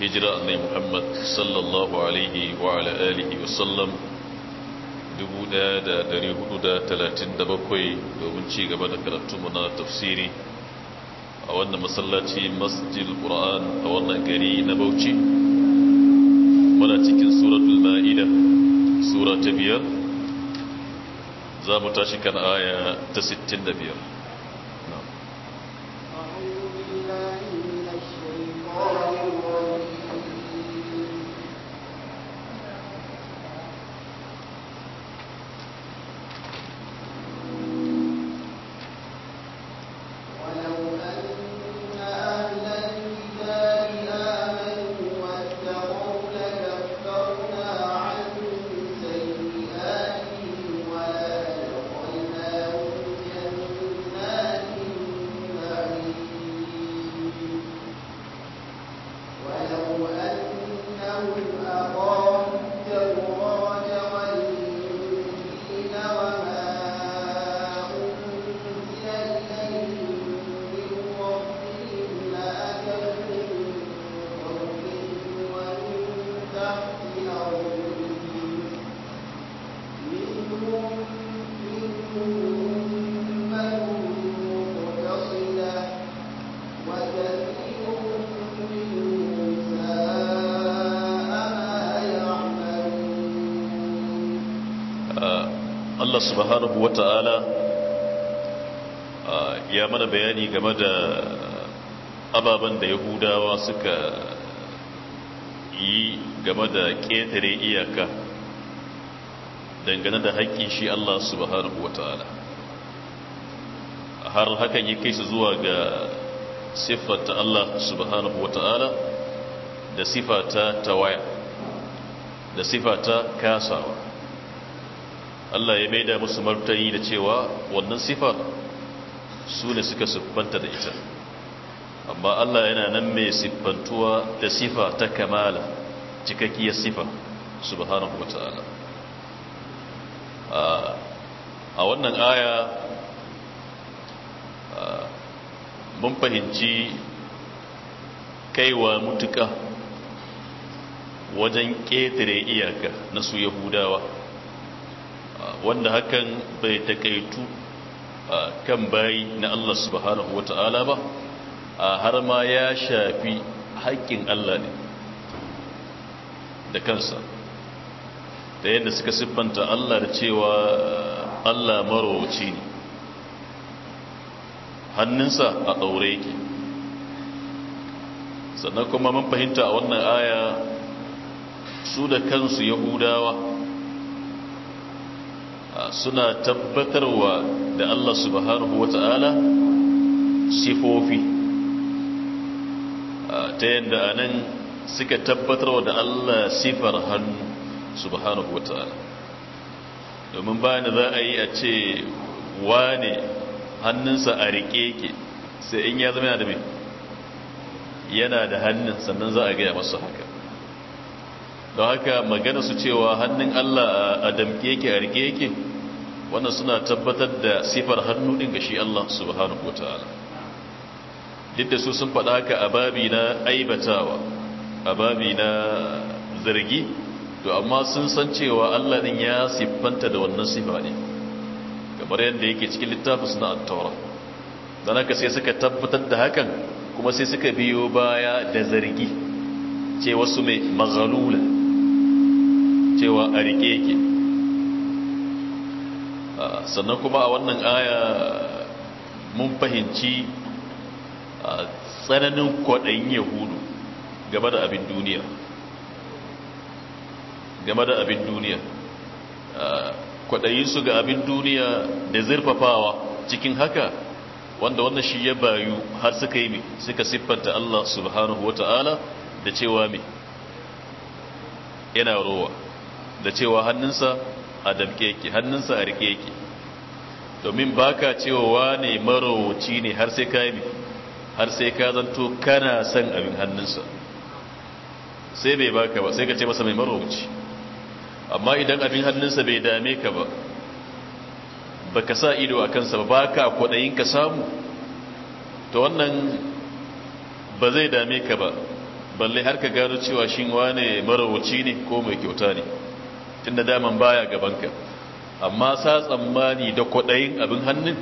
hijira annai muhammad sallallahu alaihi wa ala alihi wasallam 1437 domin ci gaba da karatunmu na tafsiri a wannan masallaci masjid qur'an a wannan gari na bauchi muna cikin suratul ma'ida sura ta biyar za mu tashi kan aya ta 65 Allah subhanahu ya mana bayani game da ababen da yahudawa suka yi game da ƙetare iyaka dangane da haƙƙin shi Allah subhanahu har hakan ya kai su zuwa ga siffata Allah subhanahu wata'ala da siffata tawaya da siffata kasawa Allah ya maida musu martani da cewa wannan sifar su ne suka siffanta da ita amma Allah yana nan mai siffantuwa da sifa ta kamala cikakkiyar sifa subhanahu wata'ala a wannan aya mun fahimci kaiwa mutuka wajen ƙetare iyaka na su yahudawa wanda hakan bai takaitu kan bayi na Allah subhanahu wata'ala ba har ma ya shafi haƙƙin Allah ne da kansa da yadda suka siffanta Allah da cewa Allah marauci ne hannunsa a ɗaure yake sannan kuma mun fahimta a wannan aya su da kansu yahudawa suna tabbatarwa da Allah subhanahu ta'ala sifofi ta yadda anan suka tabbatarwa da Allah sifar hannu subhanahu ta'ala. domin bayan za a yi a ce wane hannunsa a riƙe ke sai in ya zama yana da mai yana da hannun sannan za a gaya masu haka don haka magana su cewa hannun Allah a damke yake a rike yake wannan suna tabbatar da sifar hannu din ga shi Allah subhanahu wataala duk da su sun faɗa haka a babi na aibatawa a babi na zargi to amma sun san cewa Allah din ya siffanta da wannan sifa ne kamar yadda yake cikin littafin suna at-taura haka sai suka tabbatar da hakan kuma sai suka biyo baya da zargi ce wasu mai maghalula cewa a rike yake sannan kuma a wannan aya mun fahimci tsananin kwaɗayin yahudu game da abin duniya game da abin duniya kwaɗayinsu ga abin duniya da zirfafawa cikin haka wanda wannan shi ya bayu har suka yi suka siffanta Allah subhanahu ta'ala da cewa mai yana rowa da cewa hannunsa a damke yake hannunsa a rike yake domin baka cewa wane marowaci ne har sai ka yi har sai ka zanto kana son abin hannunsa sai bai baka ba sai ka ce masa mai marowaci amma idan abin hannunsa bai dame ka ba baka sa ido a kansa ba baka kwaɗayin ka samu to wannan ba zai dame ka ba balle har ka gano cewa shin wane marowaci ne ko mai kyauta ne tun da daman baya gabanka amma sa tsammani da kwaɗayin abin hannun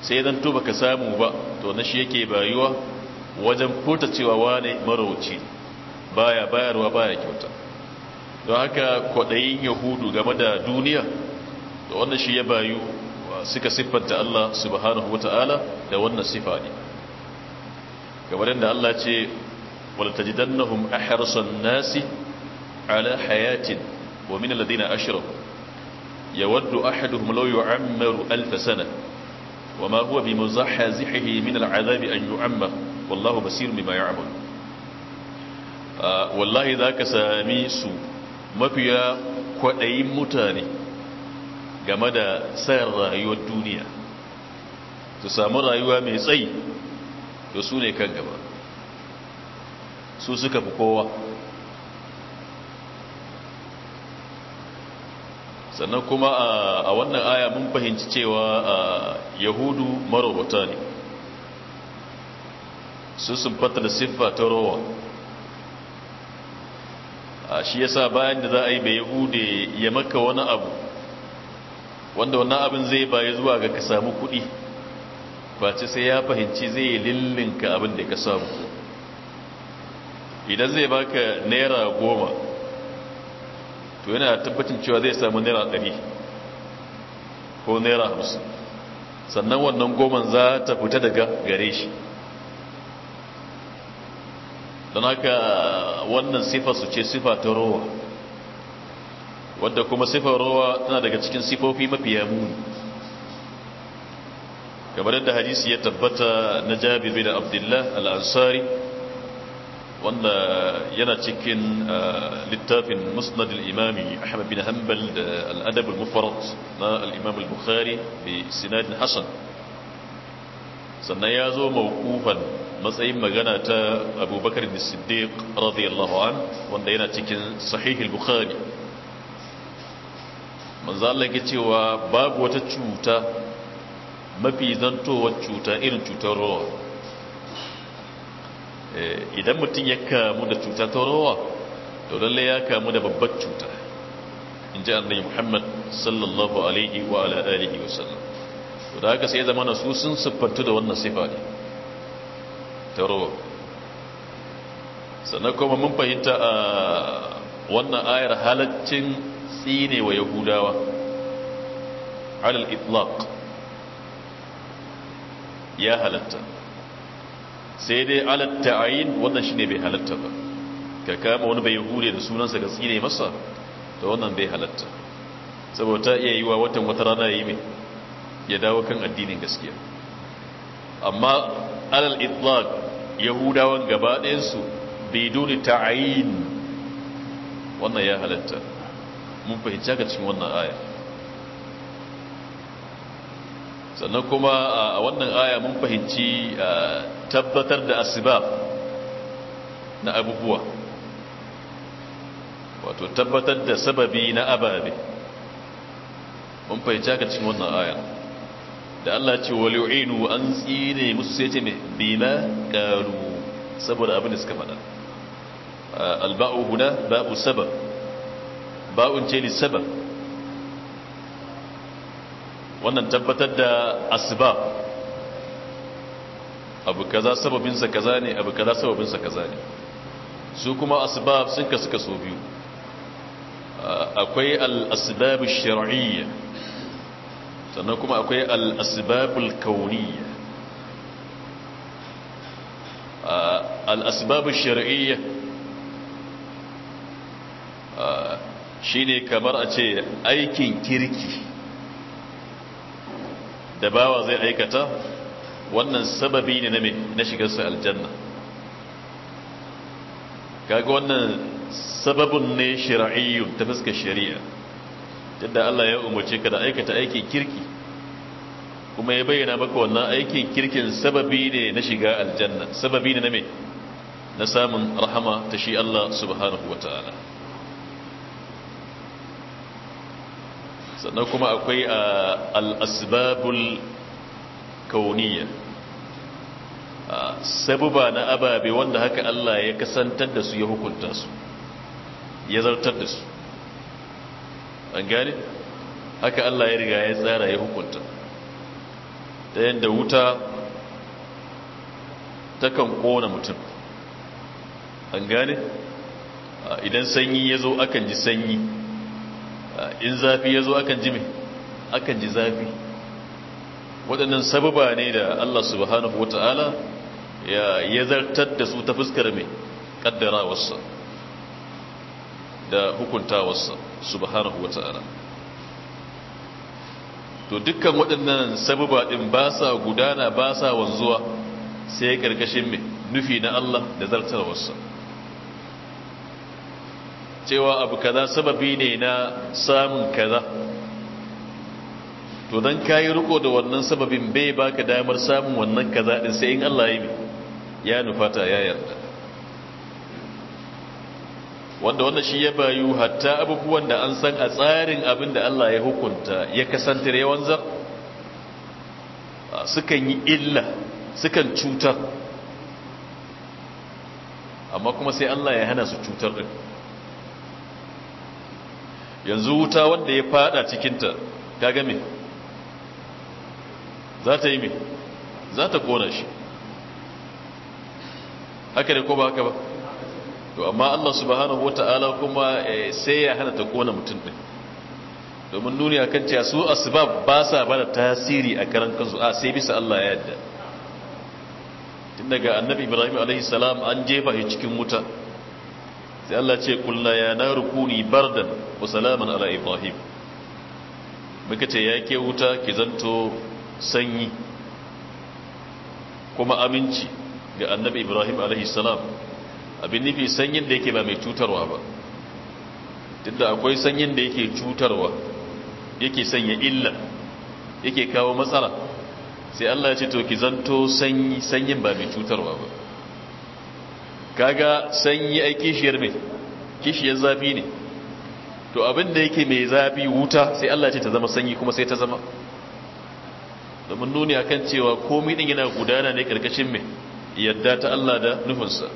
sai zan to baka samu ba to na shi yake bayuwa wajen furta cewa wane marauci baya bayarwa baya kyauta don haka kwaɗayin yahudu game da duniya da wannan shi ya bayu suka siffanta Allah subhanahu wata'ala da wannan siffa ne kamar yadda Allah ce wal a harsun nasi ala hayatin wa min alladhina ashraku yawaddu ahaduhum law yu'ammaru alf sana wama huwa bimuzahzihihi min al'adhabi an yu'ammar wallahu basirun bima ya'mal wallahi zaka sami su mafiya kwadayin mutane game da sayar rayuwar duniya su sami rayuwa mai tsayi to su ne kan gaba su suka fi kowa sannan kuma a wannan aya mun fahimci cewa yahudu marubuta ne su sun fata da siffa ta rowa shi yasa bayan da za a yi bai yahude ya maka wani abu wanda wannan abin zai baya zuwa ga ka samu kuɗi face sai ya fahimci zai lillinka abin da ka samu idan zai baka naira goma to yana tabbacin cewa zai samu naira ɗari ko naira hamsin sannan wannan goman za ta fita daga gare shi don haka wannan sifa su ce sifa ta rowa wadda kuma sifar rowa tana daga cikin sifofi mafi muni kamar da hadisi ya tabbata na jabi da da al-ansari wanda yana cikin littafin musnad al-imami ahmad bin hanbal da al-adab al-mufrad na al-imam al-bukhari bi sinad hasan sannan ya zo mawqufan matsayin magana ta abubakar bin siddiq radiyallahu an wanda yana cikin sahih al-bukhari manzo Allah yake cewa babu wata cuta mafi zantowar cuta irin cutar rawa Eh, idan mutum ya kamu da cuta ta rowa to lalle ya kamu da babbar cuta in ji annabi muhammad sallallahu alaihi wa ala alihi wa sallam to da haka sai zama na su sun siffantu da wannan sifa ne ta rowa sannan kuma mun fahimta a wannan ayar halaccin tsine wa yahudawa alal itlaq ya halatta sai dai alat ayin wannan shine bai halatta ba ka kama wani bai hure da sunansa ga tsine masa to wannan bai halatta saboda ta iya yiwa watan wata rana yi mai ya dawo kan addinin gaskiya amma alal itlaq yahudawan gaba ɗayan su biduni ta'ayin wannan ya halatta mun fahimci ka cikin wannan aya sannan kuma a wannan aya mun fahimci tabbatar da asibab na abubuwa wato tabbatar da sababi na ababe mun fahimci haka cikin wannan aya da Allah ce wa li'inu an tsine musu sai ce bima qalu saboda abin da suka faɗa alba'u huna ba'u sabab ba'un ce li sabab wannan tabbatar da asbab abu kaza sababinsa kaza ne abu kaza sababinsa kaza ne su kuma asbab sun kasu kaso biyu akwai al-asbab shariyya sannan kuma akwai al-asbab al-kawniyya al-asbab shariyya shine kamar a ce aikin kirki da bawa zai aikata wannan sababi ne na na shigarsa aljanna kaga wannan sababin ne shari'iyyun ta fuskar shari'a yadda Allah ya umarce ka da aikata aikin kirki kuma ya bayyana maka wannan aikin kirkin sababi ne na shiga aljanna sababi ne na me na samun rahama ta shi Allah subhanahu wataala sannan kuma akwai al'asbabul kauniya sabuba na ababe wanda haka Allah ya kasantar da su ya hukunta su ya zartar da su an gani haka Allah ya riga ya tsara ya hukunta ta yadda wuta takan kona mutum an gani idan sanyi ya zo akan ji sanyi in zafi ya zo akan ji akan ji zafi waɗannan sababa ne da Allah subhanahu ta'ala ya zartar da su ta fuskar mai ƙaddara wasu da hukunta wasu subhanahu ta'ala to dukkan waɗannan sababa ɗin ba sa gudana ba sa wanzuwa sai ya ƙarƙashin mai nufi na Allah da zartar wasu cewa abu kaza sababi ne na samun kaza to dan kayi riko da wannan sababin bai baka damar samun wannan kaza din sai in Allah ya ya nufata ya yarda wanda wannan shi ya bayu hatta abubuwan da an san a tsarin abin da Allah ya hukunta ya kasance yawan zar sukan yi illa sukan cutar amma kuma sai Allah ya hana su cutar din yanzu wuta wanda ya fada cikinta ta game za ta yi me za ta kona shi haka ne ko ba haka ba to amma Allah subhanahu wata'ala kuma eh, sai ya hana ta kona mutum din domin nuni akan cewa su asbab ba sa bada tasiri a karan kansu a sai bisa Allah ya yadda tun daga annabi Ibrahim alaihi salam an jefa shi cikin wuta sai Allah ce kulla ya narukuni bardan wa salaman ala ibrahim muka ce ya ke wuta ki zanto sanyi kuma aminci ga annabi ibrahim alaihi salam abin nufi sanyin da yake ba mai cutarwa ba tunda akwai sanyin da yake cutarwa yake sanya illa yake kawo matsala sai Allah ya ce to ki zanto sanyi sanyin ba mai cutarwa ba kaga sanyi ai kishiyar me kishiyar zafi ne to abin da yake mai zafi wuta sai Allah ce ta zama sanyi kuma sai ta zama domin nuni akan cewa komai din yana gudana ne karkashin me yadda ta Allah da nufinsa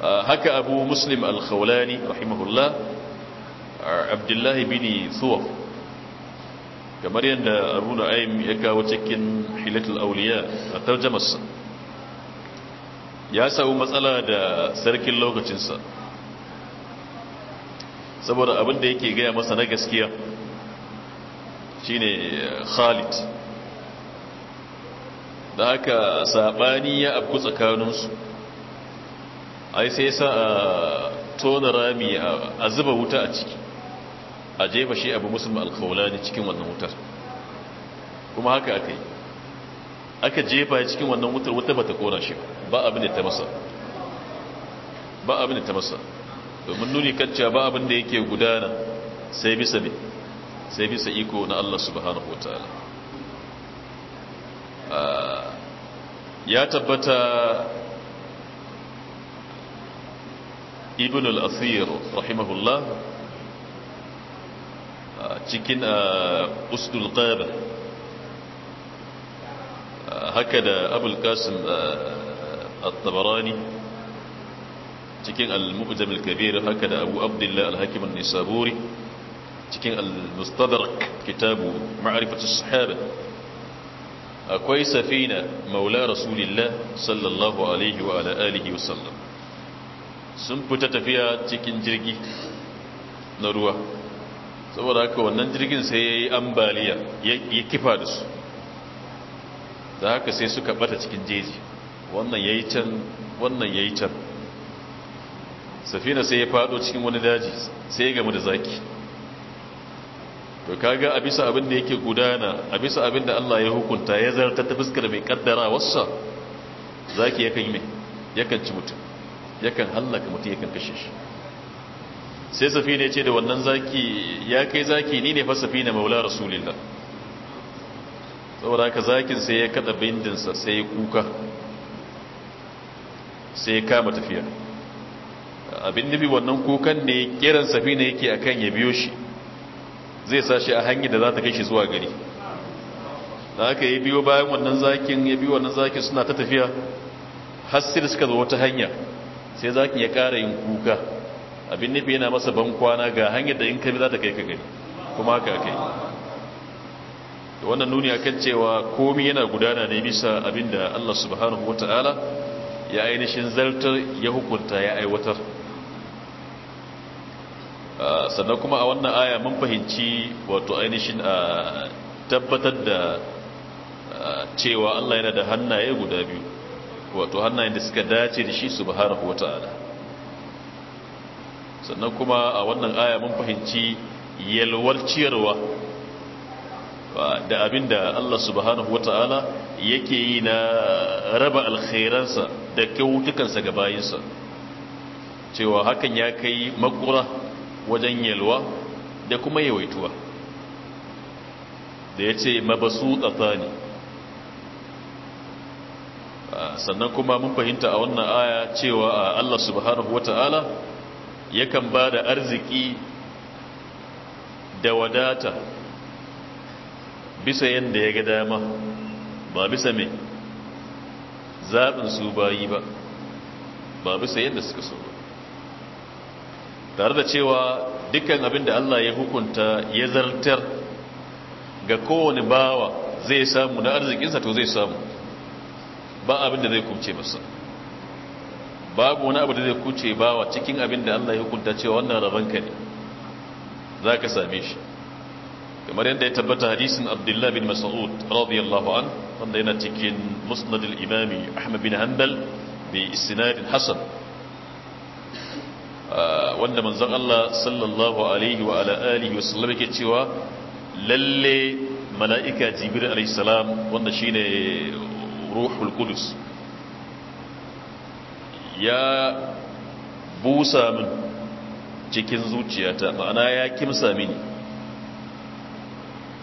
haka abu muslim al-khawlani rahimahullah abdullahi bin suwaf kamar yadda aruna aim ya kawo cikin hilatul auliya a tarjamarsa ya sa'u matsala da sarkin lokacinsa saboda abin da yake gaya masa na gaskiya shine eh, khalid da haka sabani ya abu tsakaninsu ai sai sa a eh, tona rami eh, a zuba wuta a ciki a jefa shi abu musulman ne cikin wannan wutar kuma haka aka yi aka jefa cikin wannan wutar wuta bata kona shi ba ba abin da ta masa ba abin da ta masa domin nuni kan cewa ba abin da yake gudana sai bisa ne sai bisa iko na Allah subhanahu wataala ah, ya tabbata ibn al athir rahimahullah ah, cikin ah, usdul qaba haka da abul qasim at-tabarani cikin al-mu'jam al-kabir haka da Abu Abdullah al-Hakim cikin al kitabu ma'rifatu as-sahaba akwai safina maula rasulillah sallallahu alaihi wa ala wa sun fita tafiya cikin jirgi na ruwa saboda haka wannan jirgin sai ya yi ambaliya ya kifa da su da haka sai suka bata cikin jeji wannan ya yi can wannan ya yi can safina sai ya fado cikin wani daji sai ya gamu da zaki to kaga a bisa abin da yake gudana a bisa abin da Allah ya hukunta ya zarta ta fuskar mai kaddara wasa zaki yakan yi mai yakan ci mutum yakan hallaka mutum yakan kashe shi sai safina ya ce da wannan zaki ya kai zaki ni ne fa safina maula rasulillah saboda haka zakin sai ya kada bindinsa sai ya kuka sai kama tafiya abin nufi wannan kukan ne kiran safina yake akan ya biyo shi zai sa shi a hanyar da za ta kai shi zuwa gari da aka yi biyo bayan wannan zakin ya biyo wannan zakin suna ta tafiya har da suka zo wata hanya sai zakin ya kara yin kuka abin nufi yana masa ban kwana ga hanyar da in kami za ta kai ka gari kuma haka aka yi wannan nuni akan cewa komi yana gudana ne bisa abin da Allah subhanahu wata'ala ya ainihin zartar ya hukunta ya aiwatar ah, sannan kuma a wannan aya mun fahimci wato ainihin a ah, tabbatar da ah, cewa Allah yana da hannaye guda biyu wato hannayen da suka dace da shi subhanahu wata'ala sannan kuma a wannan aya mun fahimci yalwar ciyarwa da abinda Allah subhanahu wata'ala yake yi na raba alkhairansa da kyautukansa ga bayinsa cewa hakan ya kai makura wajen yalwa da kuma yawaituwa da ya ce mabasu tsatani sannan kuma mun fahimta a wannan aya cewa a Allah subhanahu wata'ala yakan ba da arziki da wadata bisa yadda ya ga dama ba bisa mai zaɓin su bayi ba ba bisa yadda suka so ba tare da cewa dukkan abin da Allah ya hukunta ya zartar ga kowane bawa zai samu na arzikinsa to zai samu ba abin da zai kuce masa babu wani abu da zai kuce bawa cikin abin da Allah ya hukunta cewa wannan rabanka ne za ka same shi kamar yadda ya tabbata hadisin abdullahi bin mas'ud radiyallahu an wanda yana cikin musnad al-imami ahmad bin hanbal bi isnad hasan ah, wanda manzon Allah sallallahu alaihi wa ala alihi wa sallam yake cewa lalle mala'ika jibril alaihi salam wanda shine ruhul qudus ya busa min cikin zuciyata ma'ana ya kimsa mini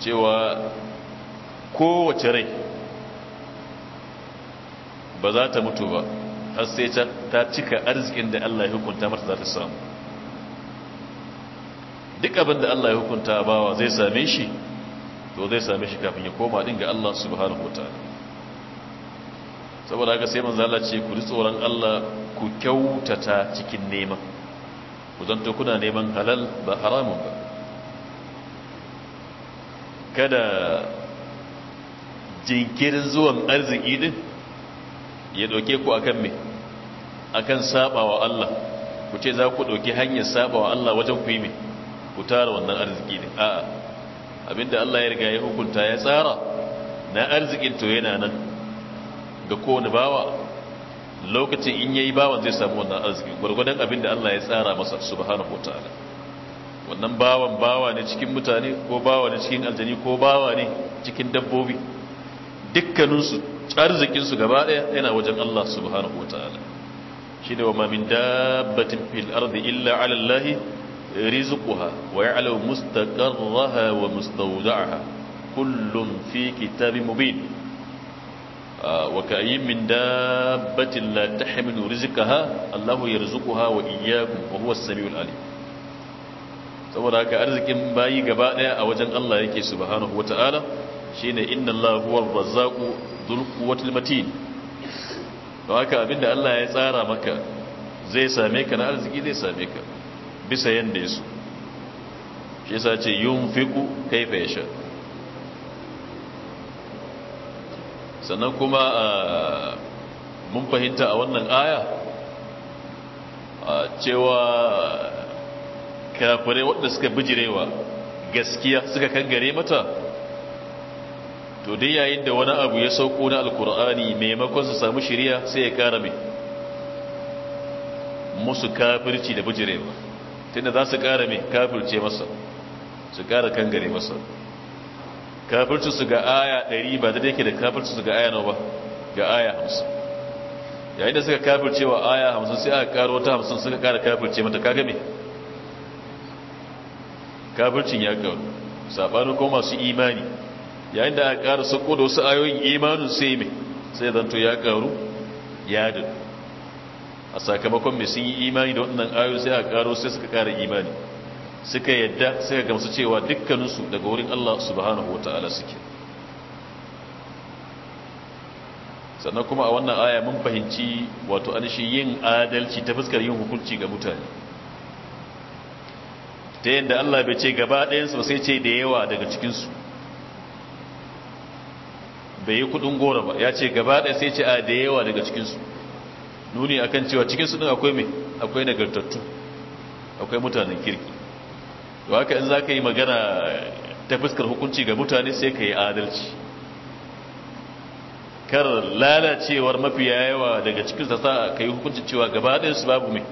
cewa kowace rai ba za ta mutu ba har sai ta cika arzikin da Allah ya hukunta mata za ta samu duk abin da Allah ya hukunta bawa zai same shi to zai same shi kafin ya koma din ga Allah subhanahu ta'ala saboda haka sai manzo Allah ce ku ji tsoron Allah ku kyautata cikin neman ku zanto kuna neman halal ba haramun ba kada jinkirin zuwan arziki din ya doke ku akan me akan sabawa Allah ku ce za ku doke hanyar sabawa Allah wajen ku yi me ku tara wannan arziki din a'a abinda Allah ya riga ya hukunta ya tsara na arzikin to yana nan ga kowane bawa lokacin in yayi bawan zai samu wannan arziki gurgurdan abinda Allah ya tsara masa subhanahu wataala wannan bawan bawa ne cikin mutane ko bawa ne cikin aljani ko bawa ne cikin dabbobi dukkaninsu arzikinsu gaba ɗaya yana wajen Allah subhanahu wa ta'ala shi da wa ma min dabbatin fil ardi illa ala Allah rizquha wa ya'lamu mustaqarraha wa mustawda'aha kullun fi kitabin mubin ah, wa ka'ayyin min dabbatin la tahmilu rizqaha Allah yarzuquha wa iyyakum wa huwa as-sami'ul alim saboda haka arzikin bayi gaba daya a wajen Allah yake subhanahu wata'ala shine inna Allahu huwar razzaqu dhul quwwatil matin to haka abinda Allah ya tsara maka zai same ka na arziki zai same ka bisa yanda yaso shi yasa ce yunfiqu kayfa yasha sannan kuma mun fahimta a wannan aya cewa kafirai waɗanda suka bijirewa gaskiya suka kangare mata to dai yayin da wani abu ya sauko na alkur'ani maimakon su samu shiriya sai ya kara mai musu kafirci da bijirewa tunda za su kara mai kafirce masa su kara kangare masa kafirci su ga aya 100 ba da yake da kafirci su ga aya nawa ga aya 50 yayin da suka kafirce wa aya 50 sai aka karo ta 50 suka kara kafirce mata kaga me kafircin ya karu sabanin ko masu imani yayin da aka ƙara sako da wasu ayoyin imanin sai mai sai zanto ya karu ya da a sakamakon mai sun yi imani da waɗannan ayoyin sai aka ƙaro sai suka ƙara imani suka yadda sai ka gamsu cewa dukkaninsu daga wurin Allah subhanahu wata'ala suke sannan kuma a wannan aya mun fahimci wato an shi yin adalci ta fuskar yin hukunci ga mutane ta yadda Allah bai ce gaba ɗayansu ba sai ce da yawa daga cikinsu bai yi kudin gora ba ya ce gaba ɗaya sai ce a da yawa daga cikinsu nuni akan cewa cikinsu ɗin akwai mai akwai nagartattu akwai mutanen kirki to haka in za ka yi magana ta fuskar hukunci ga mutane sai ka yi adalci kar lalacewar mafiya yawa daga cikinsu ta sa ka yi hukunci cewa gaba ɗayansu babu mai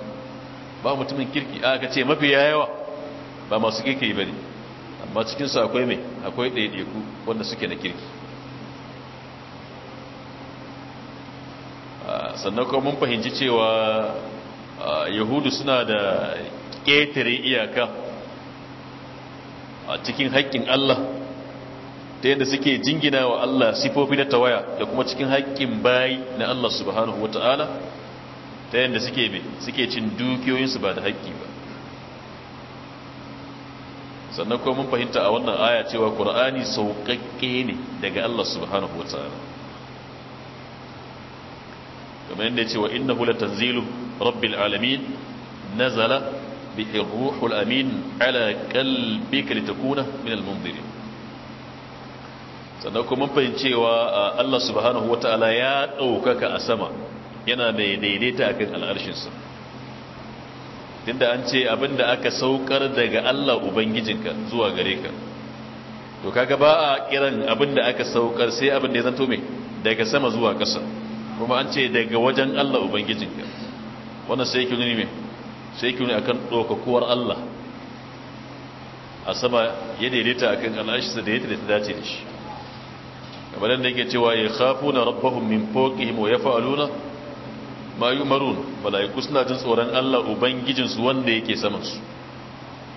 ba mutumin kirki aka ce mafiya yawa ba masu kirki ba ne amma cikinsu akwai mai akwai ɗaiɗaiku wanda suke da kirki ah, sannan kuma mun fahimci cewa ah, yahudu suna da ƙetare iyaka a cikin haƙƙin allah ta yadda suke jingina wa allah sifofi na tawaya da kuma cikin haƙƙin bayi na allah subhanahu wata'ala ta yadda suke cin dukiyoyinsu ba da haƙƙi ba sannan kuma mun fahimta a wannan aya cewa qur'ani sauƙaƙƙe ne daga Allah subhanahu wataala kamar yadda yace wa innahu latanzilu rabbil alamin nazala bihi ruhul amin ala qalbika litakuna min al sannan kuma mun cewa Allah subhanahu ta'ala ya ɗaukaka a sama yana mai daidaita akan al'arshinsa tunda an ce abinda aka saukar daga Allah ubangijinka zuwa gare ka to kaga ba a kiran abinda aka saukar sai abin da ya zanto mai daga sama zuwa ƙasa kuma an ce daga wajen Allah ubangijinka wannan sai yake nuni mai sai yake nuni akan dokakuwar Allah a sama ya daidaita akan al'ashisa da ya daidaita dace da shi kamar da yake cewa ya khafuna rabbahum min fawqihim wa yaf'aluna ma yumarun mala'iku suna jin tsoron Allah ubangijinsu wanda yake saman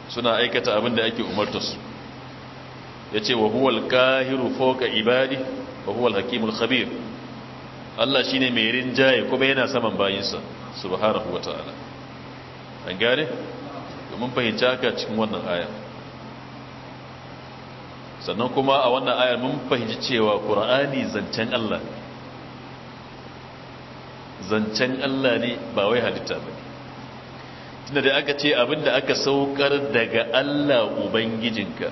suna aikata abin da ake umartar su yace wa huwal Kahiru, foka ibadi wa huwal hakimul khabir Allah ne mai rinjaye kuma yana saman bayinsa subhanahu wataala an gane domin fahimci haka cikin wannan ayar. sannan kuma a wannan ayar mun fahimci cewa ƙura'ani zancen Allah zancen Allah ne ba wai halitta ba tunda da aka ce abinda aka saukar daga Allah ubangijinka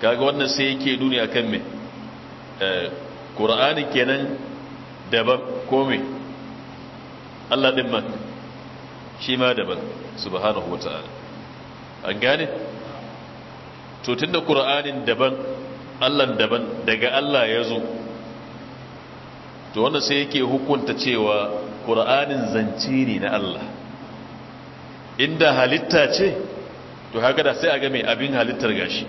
kaga wannan sai yake duniya kan me eh, Qur'ani kenan daban ko me Allah din ma shi ma daban subhanahu wataala an gane to tunda Qur'anin daban Allah daban daga Allah ya zo to wanda sai yake hukunta cewa ƙur'anin zance ne na Allah inda halitta ce to haka da sai a ga mai abin halittar gashi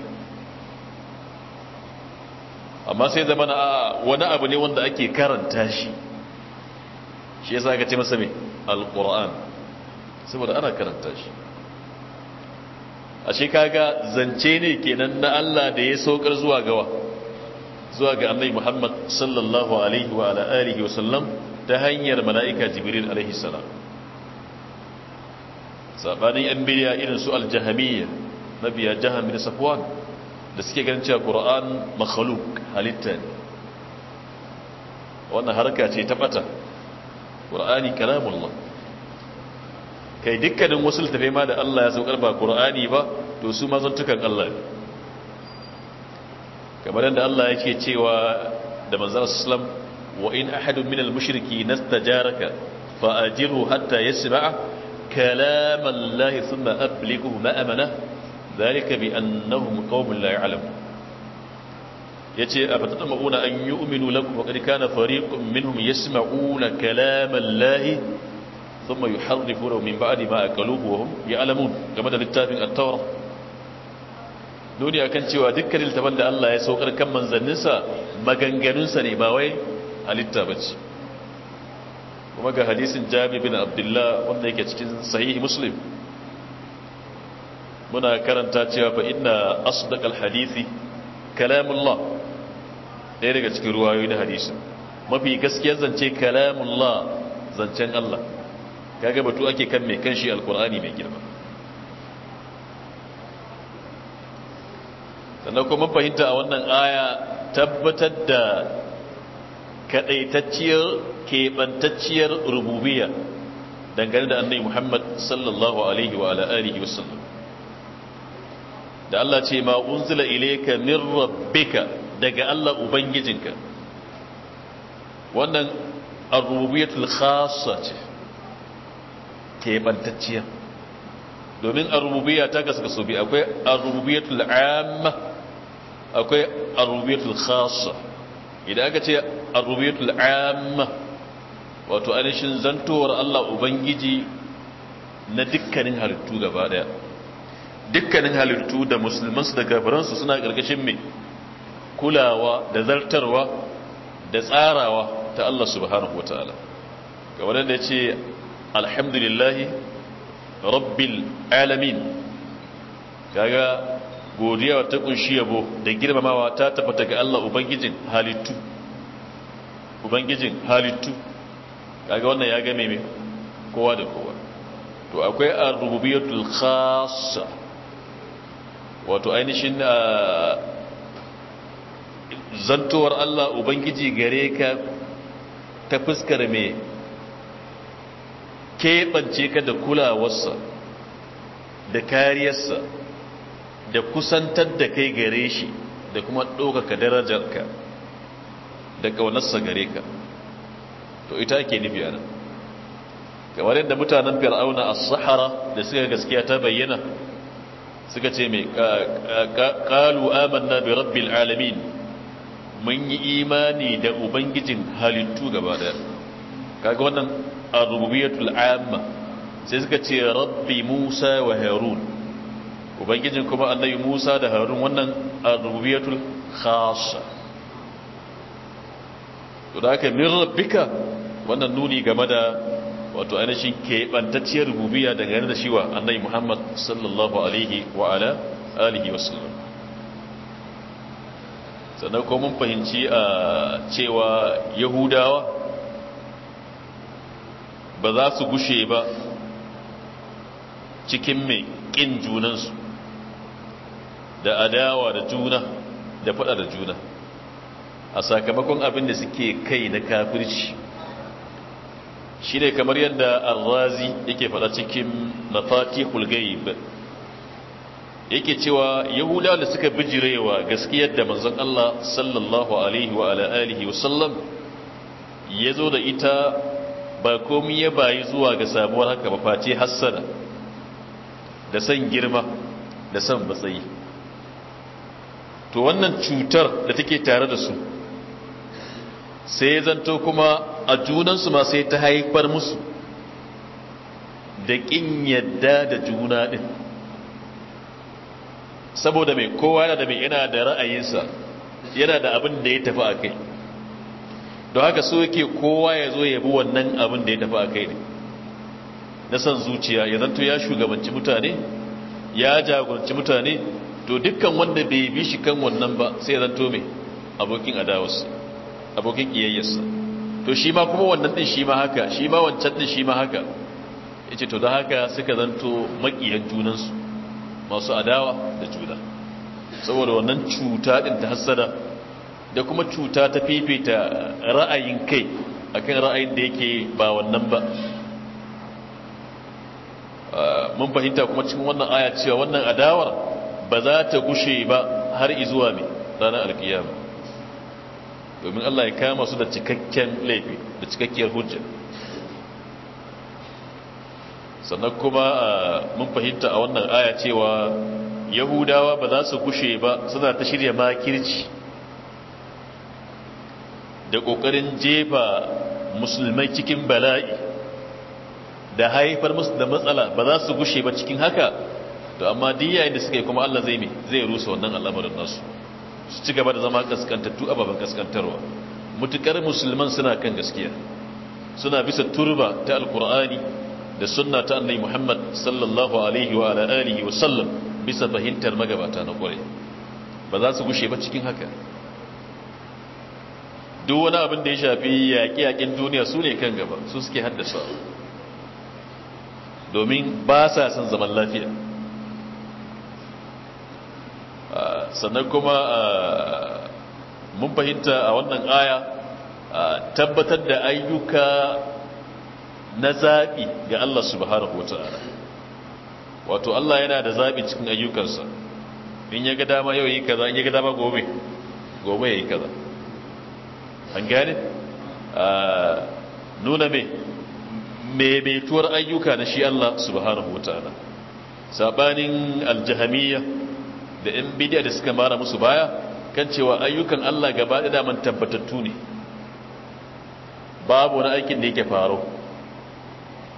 amma sai zama na wani abu ne wanda ake karanta shi shi yasa aka ce masa mai alƙur'an saboda ana karanta shi a shi kaga zance ne kenan na Allah da ya saukar zuwa gawa zuwa ga annabi Muhammad sallallahu alaihi wa ala alihi wa sallam ta hanyar mala'ika jibirin alaihi salam sabanin yan bidiya irin su al-jahamiyya nabiya jaham bin safwan da suke ganin a Qur'an makhluq halitta ne wannan harka ce ta bata Qur'ani kalamullah kai dukkanin wasu littafai ma da Allah ya saukar ba Qur'ani ba to su ma zantukan Allah ne kamar yadda Allah ce cewa da manzon sallam wa in ahadun minal mushriki nastajaraka fa ajiru hatta yasma'a kalam Allah thumma ablighu ma'amana dhalika bi annahum qaumun la ya ce a fatatamuna an uminu lakum wa qad kana fariqun minhum yasma'una kalaman lahi thumma yuharrifunahu min ba'di ma akaluhu wa hum ya'lamun kamar da littafin at-taurah nuni kan cewa dukkan littafan da Allah ya saukar kan manzanninsa maganganunsa ne ba wai halitta bace kuma ga hadisin Jami bin Abdullah wanda yake cikin sahihi Muslim muna karanta cewa fa inna asdaqal hadisi kalamullah ɗaya daga cikin ruwayoyi na hadisin mafi gaskiyar zance kalamullah zancen Allah kaga batu ake kan mai kanshi alkur'ani mai girma sannan kuma fahimta a wannan aya tabbatar da kaɗaitacciyar keɓantacciyar rububiya dangane da annai muhammad sallallahu alaihi wa ala'arihi wasallam da Allah ce ma unzila ilaika min rabbika daga Allah ubangijinka wannan ar-rububiyatul khassa ce keɓantacciya domin ar-rububiyya ta kasu kasu bi akwai ar-rububiyatul amma akwai arubiyatul khassa idan aka ce arrubiyatul amma wato ainihin zantowar Allah ubangiji na dukkanin halittu gaba daya dukkanin halittu da musulmansu da kafiransu suna karkashin mai kulawa da zartarwa da tsarawa ta Allah subhanahu wataala kamar da ce alhamdulillahi rabbil alamin kaga godiya ta kunshi yabo da girmamawa ta tafi ga Allah ubangijin halittu ubangijin halittu kaga wannan ya game me kowa da kowa to akwai ar-rububiyyatul khassa wato ainihin ah, zantowar Allah ubangiji gare ka ta fuskar me keɓance ka da kulawarsa da kariyarsa da kusantar da kai gare shi da kuma ɗaukaka darajarka da ƙaunarsa gare ka to ita ake nufi a nan kamar yadda mutanen fir'auna a sahara da suka gaskiya ta bayyana suka ce mai ƙalu amanna bi rabbil alamin mun yi imani da ubangijin halittu gaba daya kaga wannan a rububiyatul amma sai suka ce rabbi musa wa harun ubangijin kuma annabi Musa da Harun wannan ar-rubiyatul khassa to da aka min rabbika wannan nuni game da wato ainihin keɓantacciyar rububiya daga yana da shi wa annabi Muhammad sallallahu alaihi wa ala alihi wa sallam sannan kuma mun fahimci a cewa yahudawa ba za su gushe ba cikin mai ƙin junansu da adawa da juna da fada da juna a sakamakon abin da suke kai na kafirci shi ne kamar yadda arrazi yake fada cikin mafatihul ba yake cewa yahudawa da suka bijirewa gaskiyar da manzon Allah sallallahu alaihi wa wa sallam ya zo da ita ba komi ya bayi zuwa ga sabuwar haka ba face hassada da san girma da san matsayi to wannan cutar da take tare da su sai zanto kuma a junansu ma sai ta haifar musu da ƙin yadda da juna ɗin saboda mai kowa da mai yana da ra'ayinsa yana da abin da ya tafi a kai don haka so yake kowa ya zo ya bi wannan abin da ya tafi a kai ne na san zuciya ya zanto ya shugabanci mutane ya jagoranci mutane to dukkan wanda bai bi shi kan wannan ba sai zan mai abokin adawarsa abokin kiyayyarsa to shi ma kuma wannan din shi ma haka shi ma wancan din shi ma haka yace to da haka suka zanto makiyan junansu masu adawa da juna saboda wannan cuta din ta hassada da kuma cuta ta fifita ra'ayin kai akan ra'ayin da yake ba wannan ba ah, mun fahimta kuma cikin wannan aya cewa wannan adawar ba za ta gushe ba har izuwa mai ranar alkiyama domin Allah ya kama su da cikakken laifi da cikakkiyar hujja sannan kuma mun fahimta a wannan aya cewa yahudawa ba za su gushe ba suna ta shirya makirci da ƙoƙarin jefa musulmai cikin bala'i da haifar musu da matsala ba za su gushe ba cikin haka to amma duk yayin da suka yi kuma Allah zai me zai rusa wannan al'amarin nasu su ci gaba da zama kaskantattu ababen kaskantarwa mutukar musulman suna kan gaskiya suna bisa turba ta alkur'ani da sunna ta annabi Muhammad sallallahu alaihi wa ala alihi wa sallam bisa fahimtar magabata na kware ba za su gushe ba cikin haka duk wani abin da ya shafi yaƙi-yaƙin duniya su ne kan gaba su suke haddasa domin ba sa son zaman lafiya sannan kuma ah, mun fahimta a wannan aya ah, tabbatar da ayyuka na zaɓi ga Allah subhanahu wa ta'ala wato Allah yana da zaɓi cikin ayyukansa in ya ga dama yau yi kaza in ya ga dama gobe gobe ya yi kaza an gane ah, nuna me maimaituwar ayyuka na shi Allah subhanahu wa ta'ala saɓanin aljihamiyya da yan bidiyar da suka mara musu baya kan cewa ayyukan Allah gaba da daman tabbatattu ne babu wani aikin da yake faro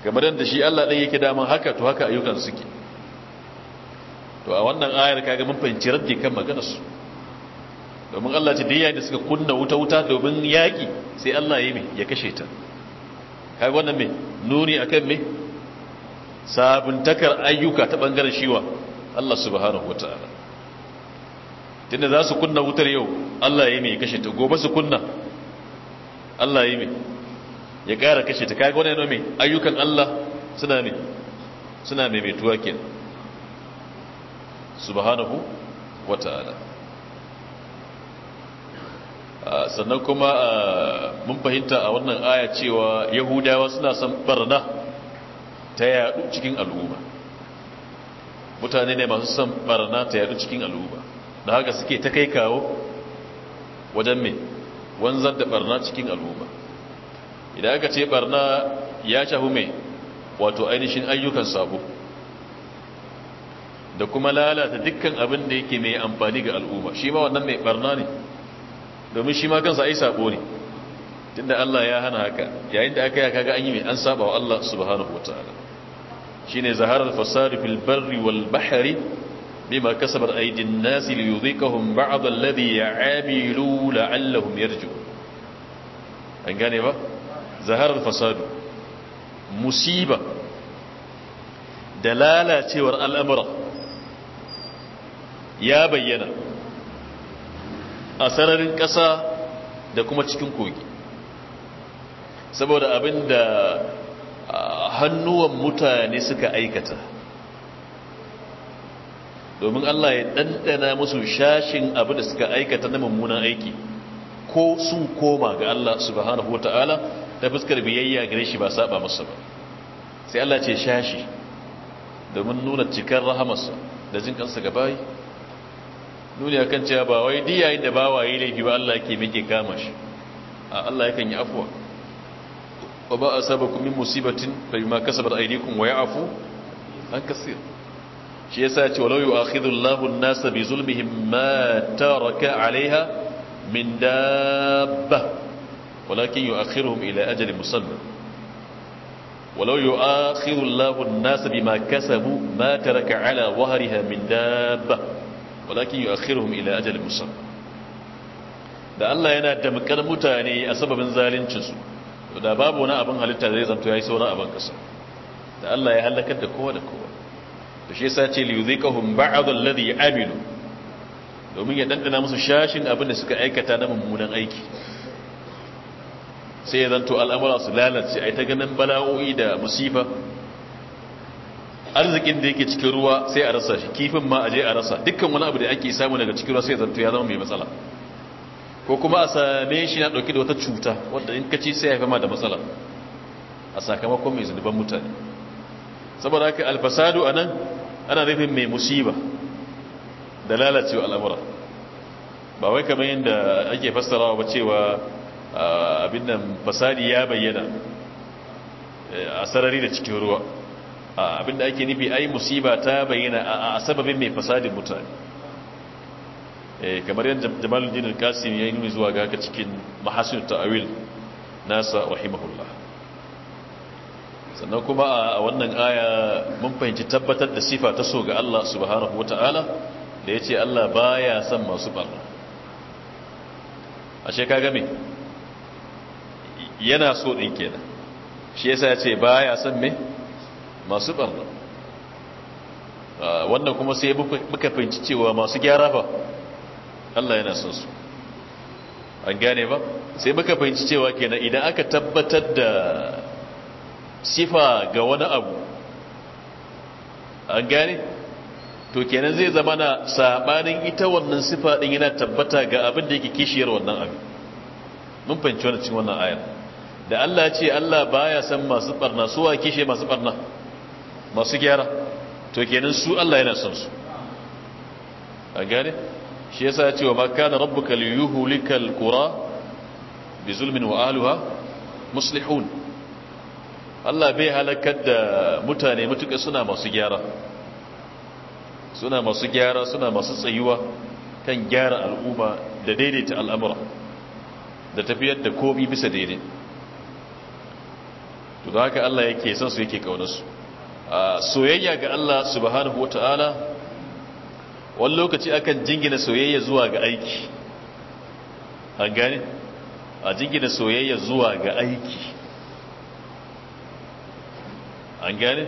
kamar da shi Allah ɗin yake daman haka to haka ayyukan suke to a wannan ayar kaga mun fahimci raddi kan maganarsu domin Allah ce da da suka kunna wuta wuta domin yaƙi sai Allah ya yi mai ya kashe ta kaga wannan mai nuni akan mai sabuntakar ayyuka ta ɓangaren shiwa Allah subhanahu wa ta'ala tunda za su kunna wutar yau Allah ya yi mai kashe ta gobe su kunna Allah ya yi mai ya ƙara kashe ta kaga wannan mai ayyukan Allah suna mai suna mai mai tuwa kenan subhanahu wa ta'ala ah, sannan kuma ah, mun fahimta a wannan aya cewa yahudawa suna son barna ta yadu cikin al'umma mutane ne masu son barna ta yadu cikin al'umma da haka suke ta kai kawo wajen mai wanzar da barna cikin al'umma idan aka ce barna ya shahu mai wato ainihin ayyukan sabo da kuma lalata dukkan abin da yake mai amfani ga al'umma shi ma wannan mai barna ne domin shi ma kansa ai sabo ne tunda Allah ya hana haka yayin da aka yi kaga an yi mai an saba wa Allah subhanahu Shi shine zaharar fasari fil barri wal bima kasabar aidin nasi li yudhikahum ba'd alladhi ya'amilu la'allahum yarji'un an gane zaharar fasadu musiba da lalacewar al'amura ya bayyana a sararin ƙasa da kuma cikin kogi saboda abin da hannuwan mutane suka aikata domin Allah ya ɗanɗana musu shashin abu da suka aikata na mummunan aiki ko sun koma ga Allah subhanahu wa ta'ala ta fuskar biyayya gare shi ba saba musu ba sai Allah ce shashi domin nuna cikar rahamarsa da jin kansa ga bayi nuni akan cewa ba wai diya da ba waye laifi ba Allah yake mike kama shi a Allah yakan yi afuwa wa ba saba kumin musibatin fa bima kasabat aydikum wa afu an kasir shi yasa ce walau yu'akhidhu Allahu an-nasa bi zulmihim ma taraka 'alayha min dabba walakin yu'akhiruhum ila ajalin musamma walau yu'akhidhu Allahu lahun nasa bima kasabu ma taraka 'ala wahriha min dabba walakin yu'akhiruhum ila ajalin musamma da Allah yana damkar mutane a sababin zaluncinsu da babu wani abin halitta da zai zanto yayi sauran abin kasa da Allah ya halakar da kowa da kowa to shi yasa ce li yudhikahum ladi ya aminu domin ya dandana musu shashin abin da suka aikata na mummunan aiki sai ya zanto al'amura su lalace yi ta ganin bala'o'i da masifa arzikin da yake cikin ruwa sai a rasa shi kifin ma aje a rasa dukkan wani abu da ake samu daga cikin ruwa sai zanto ya zama mai matsala ko kuma a same shi na dauke da wata cuta wadda in ka ci sai ya fama da matsala a sakamakon mai zunuban mutane saboda haka alfasadu a nan ana nufin mai musiba da lalacewa al'amura ba wai kamar yadda ake fassarawa ba cewa abin nan fasadi ya bayyana e, a sarari da cikin ruwa abin da ake nufi ai musiba ta bayyana a sababin mai fasadin mutane e, kamar yadda jamalin jinin ya yi nuni zuwa ga haka cikin mahasin ta'awil nasa rahimahullah sannan kuma a wannan aya mun fahimci tabbatar da sifa ta so ga Allah subhanahu wata'ala da ya ce Allah ba ya son masu barna ashe ka game yana so ɗin kenan shi yasa ya ce ba ya son me masu barna wannan kuma sai muka fahimci cewa masu gyara ba Allah yana son su an gane ba sai muka fahimci cewa kenan idan aka tabbatar da sifa ga wani abu an gane to kenan zai zama na sabanin ita wannan sifa din yana tabbata ga abin da yake kishiyar wannan abu mun fahimci wannan cikin wannan ayar da Allah ce Allah baya san masu barna suwa kishe masu barna masu gyara to kenan su Allah yana son su an gane shi yasa ya ce wa makana rabbuka liyuhlikal qura bi zulmin wa ahliha muslihun Allah bai halakar da mutane mutuka suna masu gyara suna masu gyara suna masu tsayuwa kan gyara al'umma da daidaita al'amura da tafiyar da komi bisa daidai to da haka Allah yake son su yake kaunarsu soyayya ga Allah subhanahu wata'ala wani lokaci akan jingina soyayya zuwa ga aiki an gane a jingina soyayya zuwa ga aiki an gane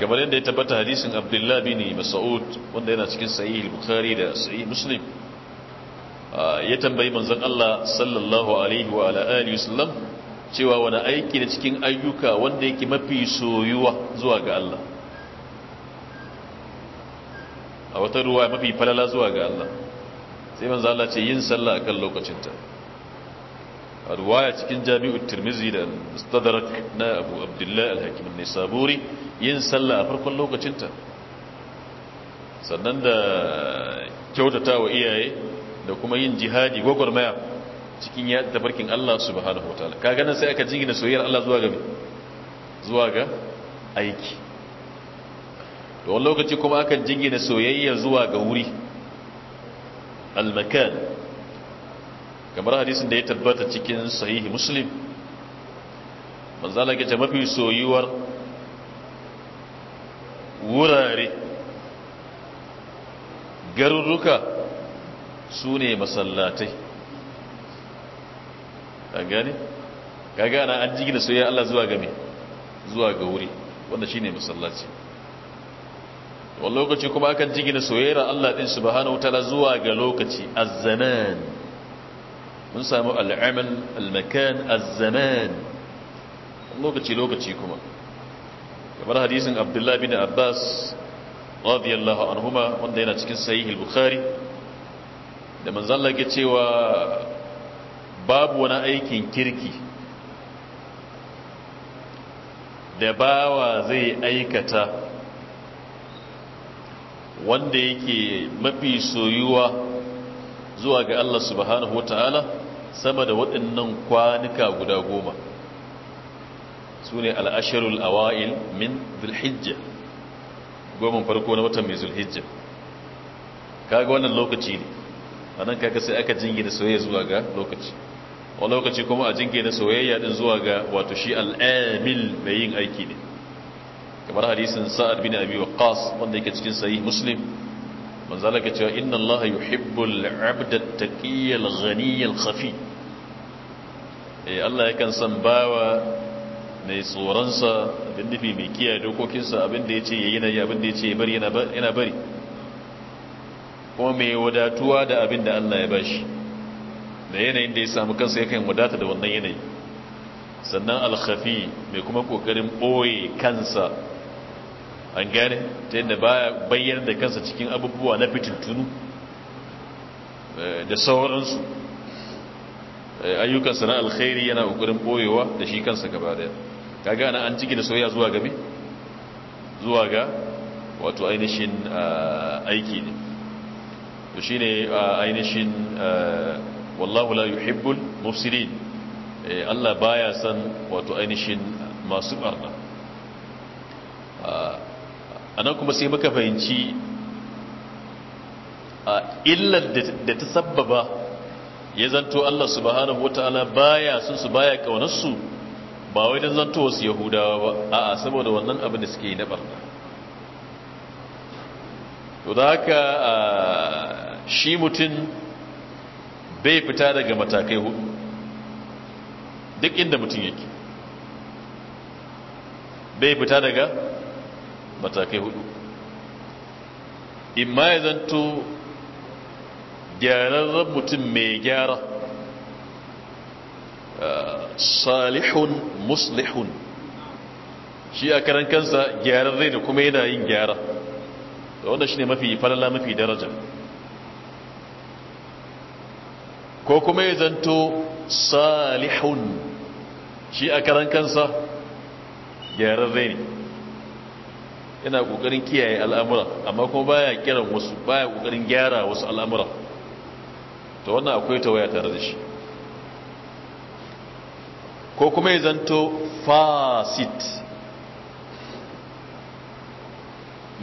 kamar yadda ya tabbata hadisin abdullah bin mas'ud wanda yana cikin sahih bukhari da sahih muslim ya tambayi manzon Allah sallallahu alaihi wa ala alihi wasallam cewa wani aiki da cikin ayyuka wanda yake mafi soyuwa zuwa ga Allah a wata ruwa mafi falala zuwa ga Allah sai manzon Allah ce yin sallah akan lokacinta ruwaya cikin jami'u tirmizi da mustadrak na abu abdullahi Alhakim hakim an yin sallah a farkon lokacinta sannan da kyautata wa iyaye da kuma yin jihadi gwagwarmaya cikin ya barkin Allah subhanahu wataala kaga nan sai aka jingina soyayyar Allah zuwa ga zuwa ga aiki to wani lokaci kuma aka jingina soyayya zuwa ga wuri al-makan kamar hadisin da ya tabbata cikin sahihi muslim manzala ce mafi soyuwar wurare garuruka su ne masallatai a gane? kaga na an jigina soyayya Allah zuwa game zuwa ga wuri wanda shine masallaci wani lokaci kuma akan jigina soyayyar Allah ɗin su ba hana wuta zuwa ga lokaci azzaman mun samu al'amal al-makan lokaci lokaci kuma kamar hadisin abdullahi bin abbas radiyallahu anhuma wanda yana cikin sahih al-bukhari da manzon Allah cewa babu wani aikin kirki da bawa zai aikata wanda yake mafi soyuwa zuwa ga Allah subhanahu wa ta'ala sama da waɗannan kwanuka guda goma su ne al'ashirul awa'il min zulhijja goma farko na watan mai zulhijja kaga wannan lokaci ne a nan kaga sai aka jingina soyayya zuwa ga lokaci wani lokaci kuma a jingina soyayya din zuwa ga wato shi al'amil mai yin aiki ne kamar hadisin sa'ad bin abi waqas wanda yake cikin sahih muslim manzo Allah ke cewa inna Allah yuhibbul 'abda at-taqiyyal ghaniyal khafi Eh, Allah yakan san bawa mai tsoronsa abin nufi mai kiyaye dokokinsa abin da ya ce ya yi na yi abin da ya ce ya bari yana bari kuma mai wadatuwa da abin da Allah ya bashi da yanayin da ya samu kansa yakan wadata da wannan yanayi sannan alkhafi mai kuma kokarin boye kansa an gane ta yadda baya bayyana da kansa cikin abubuwa na fitintunu eh, da sauransu Eh, ayyukansa na alkhairi yana kokarin boyewa da shi kansa gaba daya kaga ana an da soyayya zuwa ga me zuwa ga wato ainihin eh, aiki ne to shine eh, ainihin wallahu la yuhibbul mufsidin Allah baya san wato ainihin masu barna anan kuma sai muka fahimci illar da ta sababa. ya zanto Allah subhanahu wataala baya sun su baya kaunar su ba wai dan zanto wasu yahudawa ba a'a saboda wannan abin da suke yi na barna to da haka shi mutum bai fita daga matakai hudu duk inda mutum yake bai fita daga matakai hudu imma ya zanto gyararren mutum mai gyara ah, salihun muslihun shi a karan kansa gyararre da kuma yana yin gyara da wanda shi ne mafi falala mafi daraja ko kuma ya zanto salihun shi a karan kansa gyararre ne yana kokarin kiyaye al'amura amma kuma baya kiran wasu baya ƙoƙarin gyara wasu al'amura To wannan akwai ta waya tare da shi ko kuma ya zanto fasit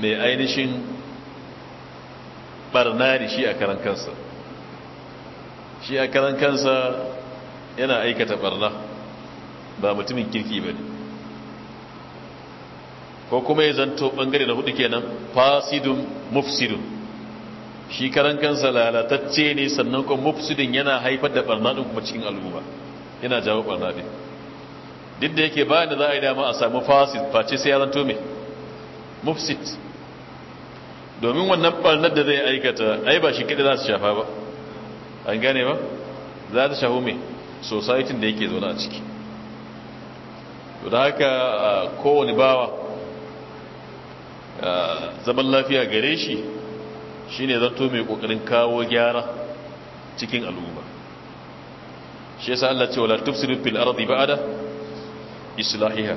mai ainihin barna da shi a karan kansa shi a karan kansa yana aikata barna ba mutumin kirki ba ne ko kuma ya zanto bangare na hudu kenan fasidun mufsidun shi karan kansa lalatacce ne sannan kuma mufsidin yana haifar da barna din kuma cikin al'umma yana jawo barna duk da yake bayan da za a yi dama a samu fasid face sai ya zanto mufsid domin wannan barnar da zai aikata ai ba shi kada za su shafa ba an gane ba za ta shafu me society da yake zaune a ciki to da haka kowane bawa zaman lafiya gare shi shine zanto mai kokarin kawo gyara cikin al'umma shi yasa Allah ce wala tufsidu fil ardi ba'da islahiha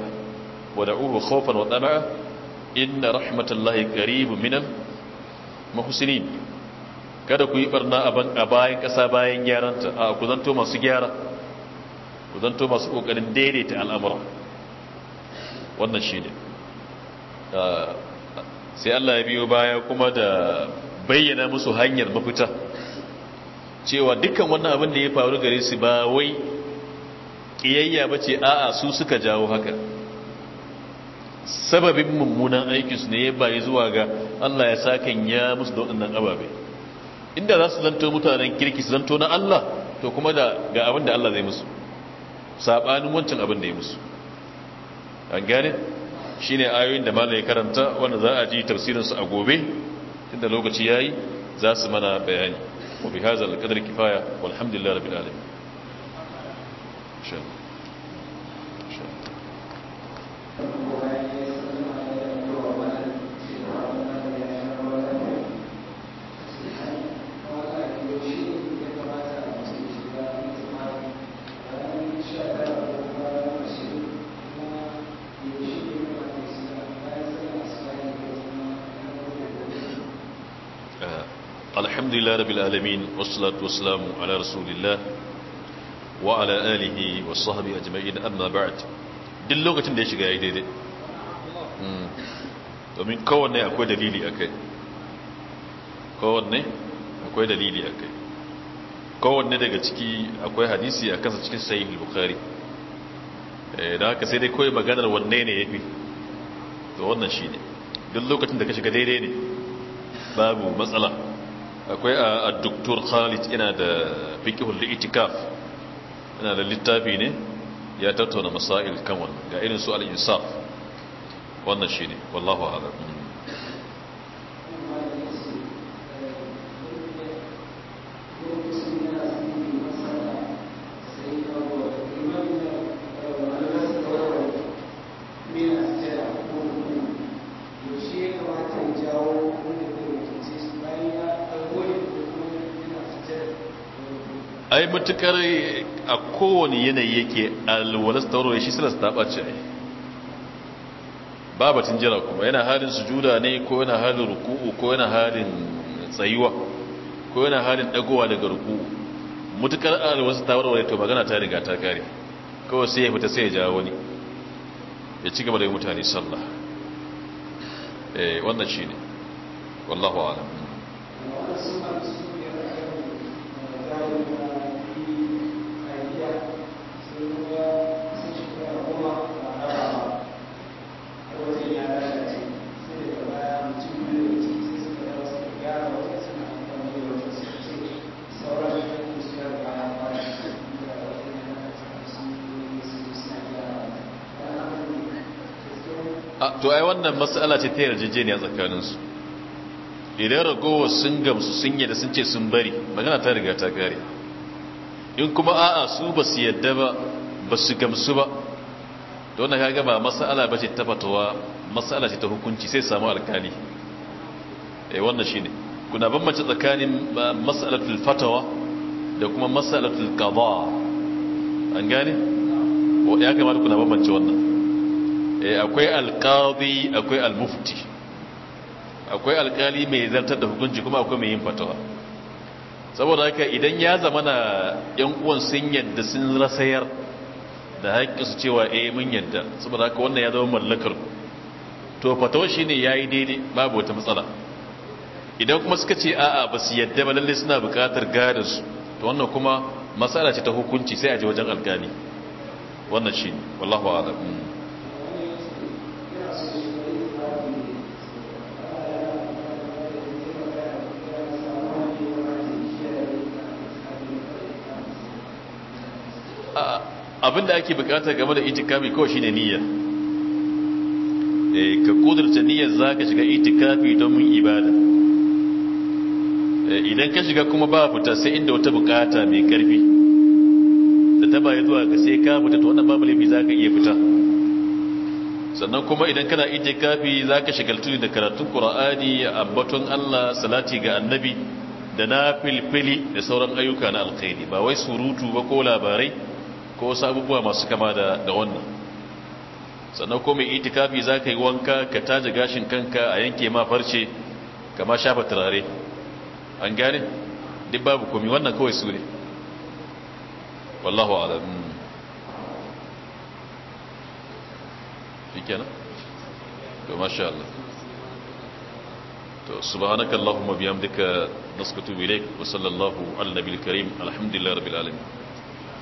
wadda da'uhu khawfan wa tama'a inna rahmatallahi qaribun minan muhsinin kada ku yi barna a bayan ƙasa bayan gyaranta a ku zanto masu gyara ku zanto masu ƙoƙarin daidaita al'amura wannan ne ah, sai Allah ya biyo baya kuma da bayyana musu hanyar mafita cewa dukkan wannan abin da ya faru gare su ba wai kiyayya ba ce a'a su suka jawo haka sababin mummunan aikinsu ne ya bayi zuwa ga Allah ya sakan ya musu da ababe inda za su zanto mutanen kirki su zanto na Allah to kuma da ga abin da Allah zai musu saɓanin wancan abin da ya musu an gane shi ayoyin da ya karanta wanda za a ji tafsirinsu a gobe tunda lokaci yayi za su mana bayani wa bihazal qadri kifaya walhamdulillahi rabbil alamin alhamdulillah rabbil alamin wassalatu wassalamu ala على wa ala alihi آله والصحبه أجمعين أما بعد duk lokacin da ya shiga ya daidai hmm. domin kowanne akwai dalili a kai kowanne akwai dalili a kai kowanne daga ciki akwai hadisi a kansa cikin sayi bukari eh, da haka sai dai kawai maganar wanne ne ya fi to wannan shi ne duk lokacin da ka shiga daidai ne babu matsala akwai uh, a doktor khalid yana da fikihul itikaf ina da littafi ne ya tattauna masail kan wannan ga irin su al-insaf wannan shine wallahu a'lam ai mutukar eh, a kowane yanayi yake alwalas tawarwa shi su taɓa ɓace ai babatin jira kuma yana halin sujuda ne ko yana halin ruku'u ko yana halin tsayuwa ko yana halin dagowa daga ruku'u mutukar alwalas tawarwa to magana ta riga ta kare kawai sai ya fita sai ya jawo wani ya ci gaba da mutane sallah eh wannan ne. wallahu a'lam Thank you. to ai wannan matsala ce ta yarjejeniya tsakaninsu idan ragowar sun gamsu sun yadda sun ce sun bari magana ta riga ta kare in kuma a'a su ba su yadda ba ba su gamsu ba don na kaga ba matsala ba ce ta fatowa matsala ce ta hukunci sai samu alkali eh wannan shine kuna mace tsakanin matsalatul fatawa da kuma matsalatul qada an gane ya kamata kuna mace wannan Eh, akwai alkali akwai almufti akwai alkali mai zartar da hukunci kuma akwai mai yin fatawa saboda haka idan ya zama na yan uwan sun yadda sun rasayar da su cewa eh mun yadda saboda haka wannan ya zama mallakar to fatawa shine yayi daidai babu wata matsala idan kuma suka ce a'a ba su yadda ba lalle suna buƙatar gadar su to wannan kuma matsala ce ta hukunci sai a je wajen alkali wannan shine wallahu a'lam abinda ake bukata game da itikafi kawai shine niyya eh ka kudurta niyyar zaka shiga itikafi don mun ibada eh, idan ka shiga kuma ba fita sai inda wata bukata mai karfi da ta bayi zuwa ga sai ka fita to wannan babu lafi zaka iya fita sannan kuma idan kana itikafi zaka tuni da karatun qur'ani abbatun Allah salati ga annabi da na filfili da sauran ayyuka na alkhairi ba wai surutu ba ko labarai ko wasu abubuwa masu kama da wannan sannan ko mai itikafi za ka yi wanka ka taji gashin kanka a yanke ma farce kama shafa turare an gane duk babu komi wannan kawai su ne wallahu alam shi kenan to masha Allah to subhanakallahumma duka nasqutu ilayk wa sallallahu ala nabiyil karim alhamdulillahi rabbil alamin